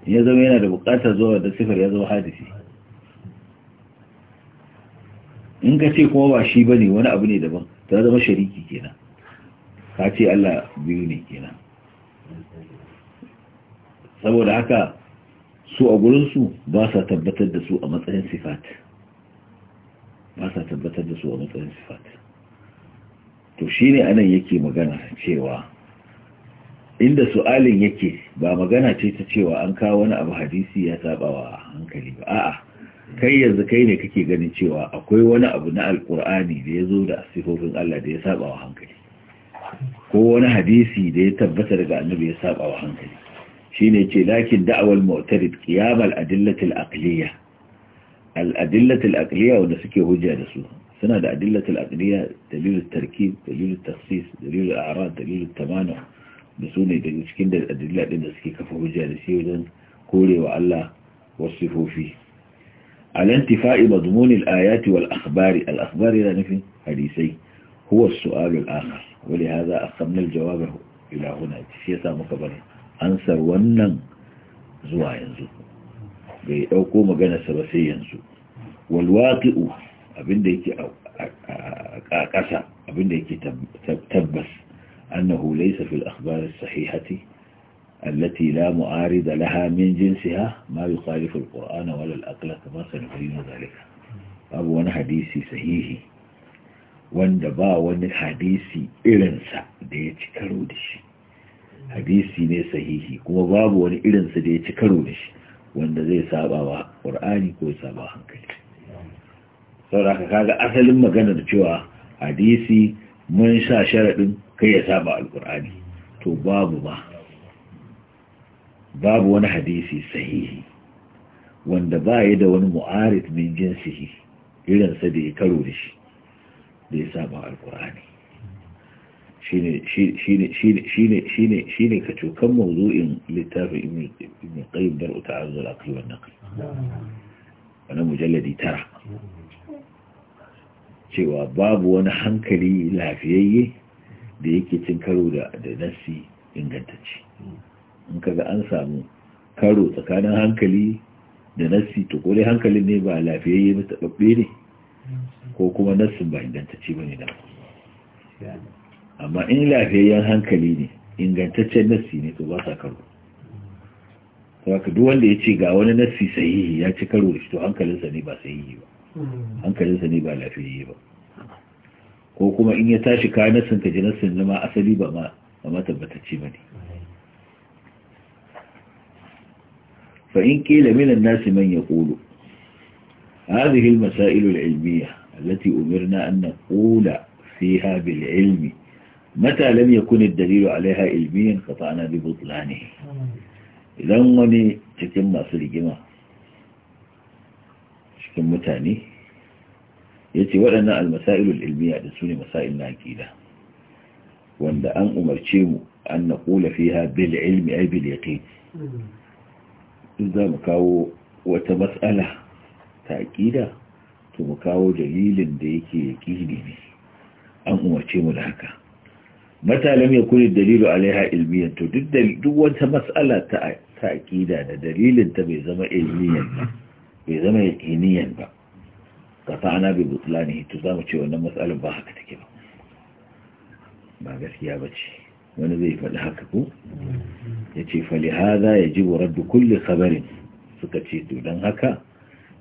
ya zama yana da bukata zuwa da sifar ya zama hadisi in ka ce kuma ba shi ba ne wani abu ne daban ta zama shariki kenan ka ce Allah biyu ne kenan saboda haka su a gurinsu ba sa tabbatar da su a matsayin sifat ba sa tabbatar da su a matsayin sifat to shi ne anan yake magana cewa inda su'alin yake ba magana ce ta cewa an kawo wani abu hadisi ya wa hankali ba a'a kai yanzu kai ne kake ganin cewa akwai wani abu na alkur'ani da ya zo da sifofin Allah da ya wa hankali ko wani hadisi da ya tabbata daga annabi ya saba wa hankali shine ce lakin da'awal mu'tarid qiyam al-adillati al-aqliyah al-adillati al-aqliyah wanda suke hujja da su suna da adillati al-aqliyah dalil al tarkib dalil al takhsis dalil al-a'rad dalil al tamanu da cikin da adilla din da suke kafa hujja da shi wajen korewa Allah wasu sifofi al-intifa'i madmun al-ayati wal akhbari al-akhbari la nafi hadisi huwa as-su'al al akhir ولهذا أقمنا الجواب إلى هنا شيسا مكبر أنصر ونن زوا ينزو بيأوكو مغانا سبسي ينزو والواقع أبن ديكي أكاسا أبن ديكي تبس أنه ليس في الأخبار الصحيحة التي لا معارض لها من جنسها ما يخالف القرآن ولا الأقل كما سنبين ذلك أبونا حديثي صحيحي wanda ba wani hadisi irinsa da ya ci karo da shi hadisi ne sahihi kuma babu wani irinsa da ya ci karo da shi wanda zai saba wa ƙur'ani ko saba hankali sauraka kaga asalin magana da cewa hadisi mun sha sharaɗin kai ya saba alƙur'ani to babu ba babu wani hadisi sahihi wanda ba ya da wani mu'arit min jinsihi irinsa da ya karo da shi da ya saba alkur'ani shi ne ka cokan mawuzo'in littafin ibn qayyim dar'u ta aqli wan naqli wannan mujalladi tara cewa babu wani hankali lafiyayye da yake cin karo da nassi ingantacci in kaga an samu karo tsakanin hankali da nassi to hankalin ne ba lafiyayye ba ne ko kuma nassin ba ingantacce ba ne da amma in lafiyayyen hankali ne ingantaccen nassi ne to ba sa karo saboda duk wanda ya ce ga wani nassi sahihi ya ci karo da shi to hankalinsa ne ba sahihi ba hmm. hankalinsa ne ba lafiyayye ba ko kuma in ya tashi kayan nassin ka ji nassin na ma asali ba ma ba ma tabbatacce ba ne fa in kila minan nasi man ya ƙulu هذه المسائل العلمية التي أمرنا أن نقول فيها بالعلم متى لم يكن الدليل عليها علميا قطعنا ببطلانه إذا أمني تتم أصل جمع شكم تاني يتي ولنا المسائل العلمية لسوني مسائل ناكيدة وأن أن أمر أن نقول فيها بالعلم أي باليقين إذا مكاو وتمسألة تأكيدة to mu kawo dalilin da yake yaqini ne an umarce mu da haka mata ya kuli dalilu alaiha ilmiyan to duk wata matsala ta aƙida da dalilin ta bai zama yaƙiniyan ba bai zama yaqiniyan ba qata'na bi butlanihi to ce wannan mas'alar ba haka take ba ba gaskiya ce wani zai faɗi haka ko ya ce fali haza ya ji raddu kulle kabarin suka ce to don haka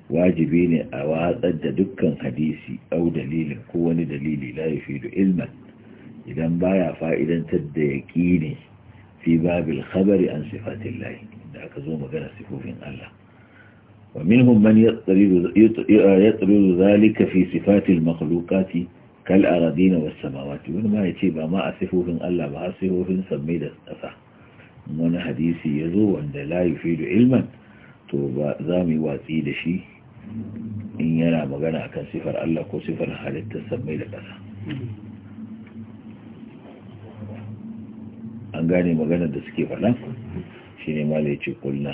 wajibi ne a watsar da dukkan hadisi au dalilin ko wani dalili la yufidu ilman idan baya fa'idantar da ne fi babil khabari an layi da aka zo magana sifofin Allah wa minhum man yatridu zalika fi sifatil makhluqati kal aradin was samawati wani ma ce ba ma a sifofin Allah ba har sifofin sammai da ƙasa wani hadisi ya zo wanda la yufidu ilman to ba za mu yi watsi da shi in yana magana akan sifar Allah ko sifar halittar sammai da ƙasa an gane maganar da suke faɗa shi ne ma ce kulna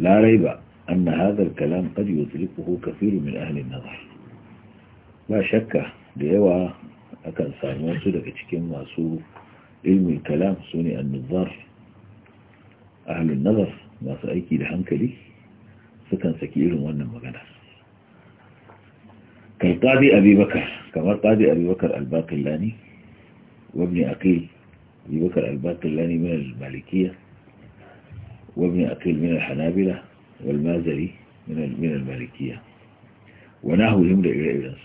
larai ba an na hazar kalam ƙari wa kafiru min ahalin nazar ba shakka da yawa akan samu wasu daga cikin masu ilmin kalam su ne annuzar ahalin nazar masu aiki da hankali sukan saki irin wannan magana kai qadi abubakar kamar qadi abubakar al-baqillani wa ibn aqil abubakar al-baqillani min al-malikiyya wa ibn aqil min al-hanabila wal mazari min min al-malikiyya wa nahu nahwihim da ire-iren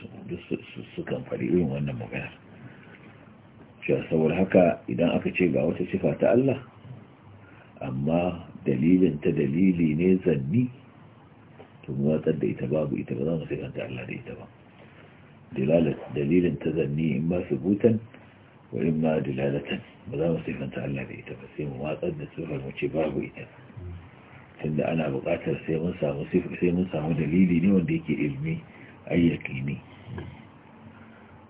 su sukan faɗi irin wannan magana shi saboda haka idan aka ce ga wata sifa ta Allah amma dalilin ta dalili ne zanni to watsar da ita babu ita ba za mu sifanta Allah da ita ba dalilin tazanni in ba subutan wa in ma dilalatan ba za mu sifanta Allah da ita ba sai mu watsar da sifar mu ce babu ita tunda ana buƙatar sai mun samu sai mun samu dalili ne wanda yake ilmi ayyaki ne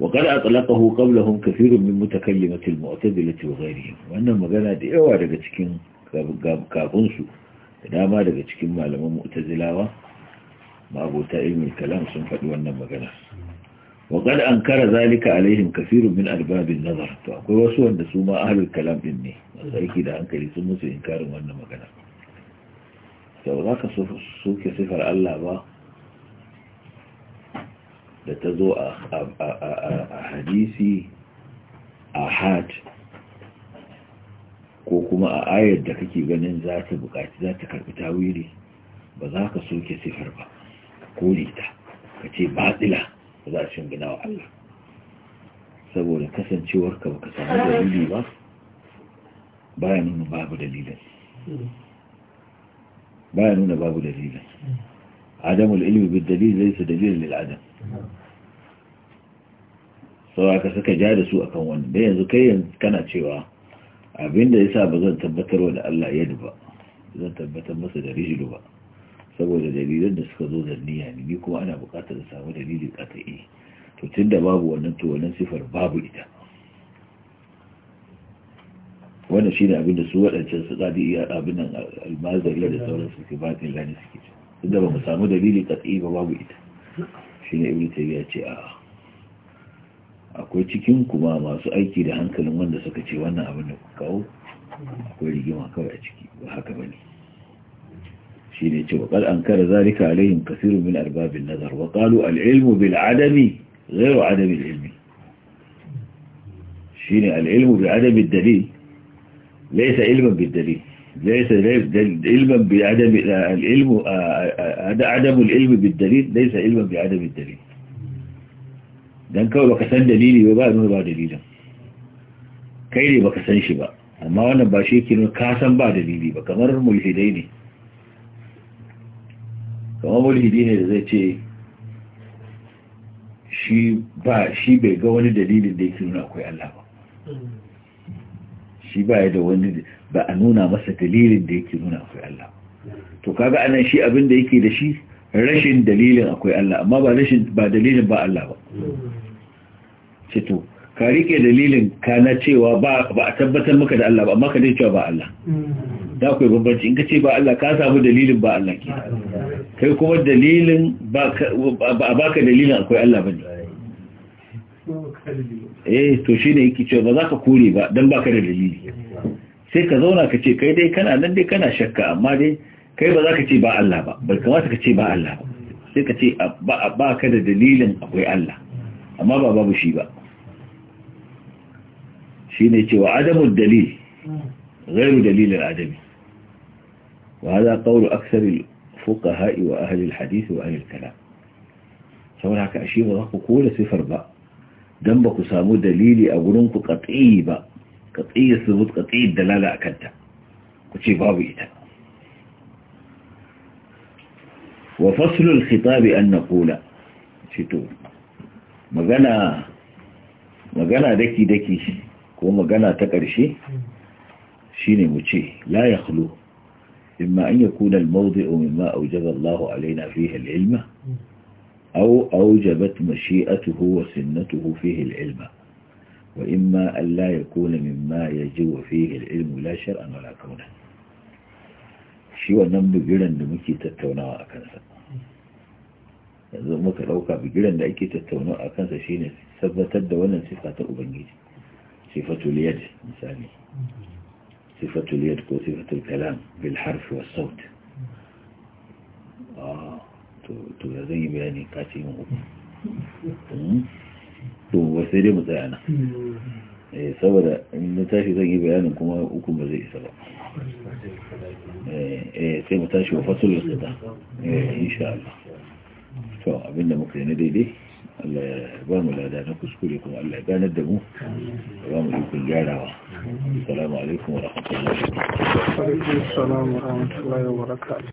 وقد أطلقه قبلهم كثير من متكلمة المعتزلة وغيرهم وأن مغانا دي إيوا daga cikin kafin su da dama daga cikin malaman mu'tazilawa mabuta ilmin kalam sun faɗi wannan magana wa qad ankara zalika alaihin kathirun min albabin nazar to akwai wasu wanda su ma ahlul kalam ɗin ne aiki da hankali sun musu karin wannan magana sau za ka suke sifar Allah ba da ta zo a hadisi a had ko kuma a ayar da kake ganin za ta bukaci za ta karbi tawiri ba za ka soke sifar ba kore ta ka ce batsila ba za a shingina wa Allah saboda kasancewar ka baka samu dalili ba baya nuna babu dalilin baya nuna babu dalilin adamul ilmi bi dalil su dalilin lil adam saboda suka ja da su akan wani da yanzu kai kana cewa abinda sa ba zan tabbatarwa da Allah ya ba zan tabbatar masa da rijilu ba saboda dalilin da suka zo da niyya ne ni kuma ana buƙatar da samu dalilin ƙata'i eh. to tun da babu wannan to wannan sifar babu ita wannan shi ne abinda su waɗancan su tsadi iya abin nan almazari da sauran suke batin lani suke ce tun da ba mu samu dalilin ƙata'i eh ba babu ita shi ne ibn tabiya ce a akwai cikin kuma masu aiki da hankalin wanda suka ce wannan abin da ku kawo akwai rigima kawai a ciki ba haka ba ne قال أنكر ذلك عليهم كثير من أرباب النظر وقالوا العلم بالعدم غير عدم العلم شيني العلم بعدم الدليل ليس علما بالدليل ليس علما بعدم العلم هذا عدم العلم بالدليل ليس علما بعدم الدليل دان كو بكسان دليلي وبا نور با دليلا كيري بكسان شبا أما وانا باشي كنو كاسا با دليلي بكمر ملحديني kamar mulhidi ne da zai ce shi ba shi bai ga wani dalilin da yake nuna akwai Allah ba shi ba ya da wani ba a nuna masa dalilin da yake nuna akwai Allah to kaga anan shi abin da yake da shi rashin dalilin akwai Allah amma ba rashin ba dalilin ba Allah ba ce to ka rike dalilin ka na cewa ba a tabbatar maka da Allah ba amma ka dai cewa ba Allah da kai bambanci in ka ce ba Allah ka samu dalilin ba Allah ke kai kuma dalilin ba baka dalilin akwai Allah ba ne eh to shine yake cewa ba za ka kore ba don baka da dalili sai ka zauna ka ce kai dai kana nan dai kana shakka amma dai kai ba za ka ce ba Allah ba bai kamata ka ce ba Allah ba sai ka ce ba ka da dalilin akwai Allah amma ba babu shi ba shine cewa adamun dalil غير dalilin adami وهذا قول أكثر الفقهاء وأهل الحديث وأهل الكلام سوال هكا أشياء وضاقوا سفر با دنبكوا سامو دليلي أقولنكوا قطعي با قطعي الثبوت قطعي الدلالة أكدت وشي بابي إتا وفصل الخطاب أن نقول شتو مغانا مغانا دكي دكي كو مغانا تكرشي شيني مجي لا يخلو إما أن يكون الموضع مما أوجب الله علينا فيه العلم أو أوجبت مشيئته وسنته فيه العلم وإما أن لا يكون مما يجو فيه العلم لا شرعا ولا كونا شو نمد جلن مكي تتونا وأكنسا يظلمك روكا بجلن لأكي تتونا وأكنسا شين سبتد ونن صفات أبنجي صفة اليد مثالي صفة اليد وصفة الكلام بالحرف والصوت آه، تغذيب يعني كاتم وثيري متعنا إيه، سورة نتاشي تغي بيان وكما وكما زي سبا إيه، إيه، سي متاشي وفصل الخطا إن شاء الله فأبنا مكرين دي دي Allah ya ba mu lada na kuskure kuma Allah ya ganar da mu ya ba mu ikon gyarawa assalamu alaikum wa rahmatullahi wa barakatuh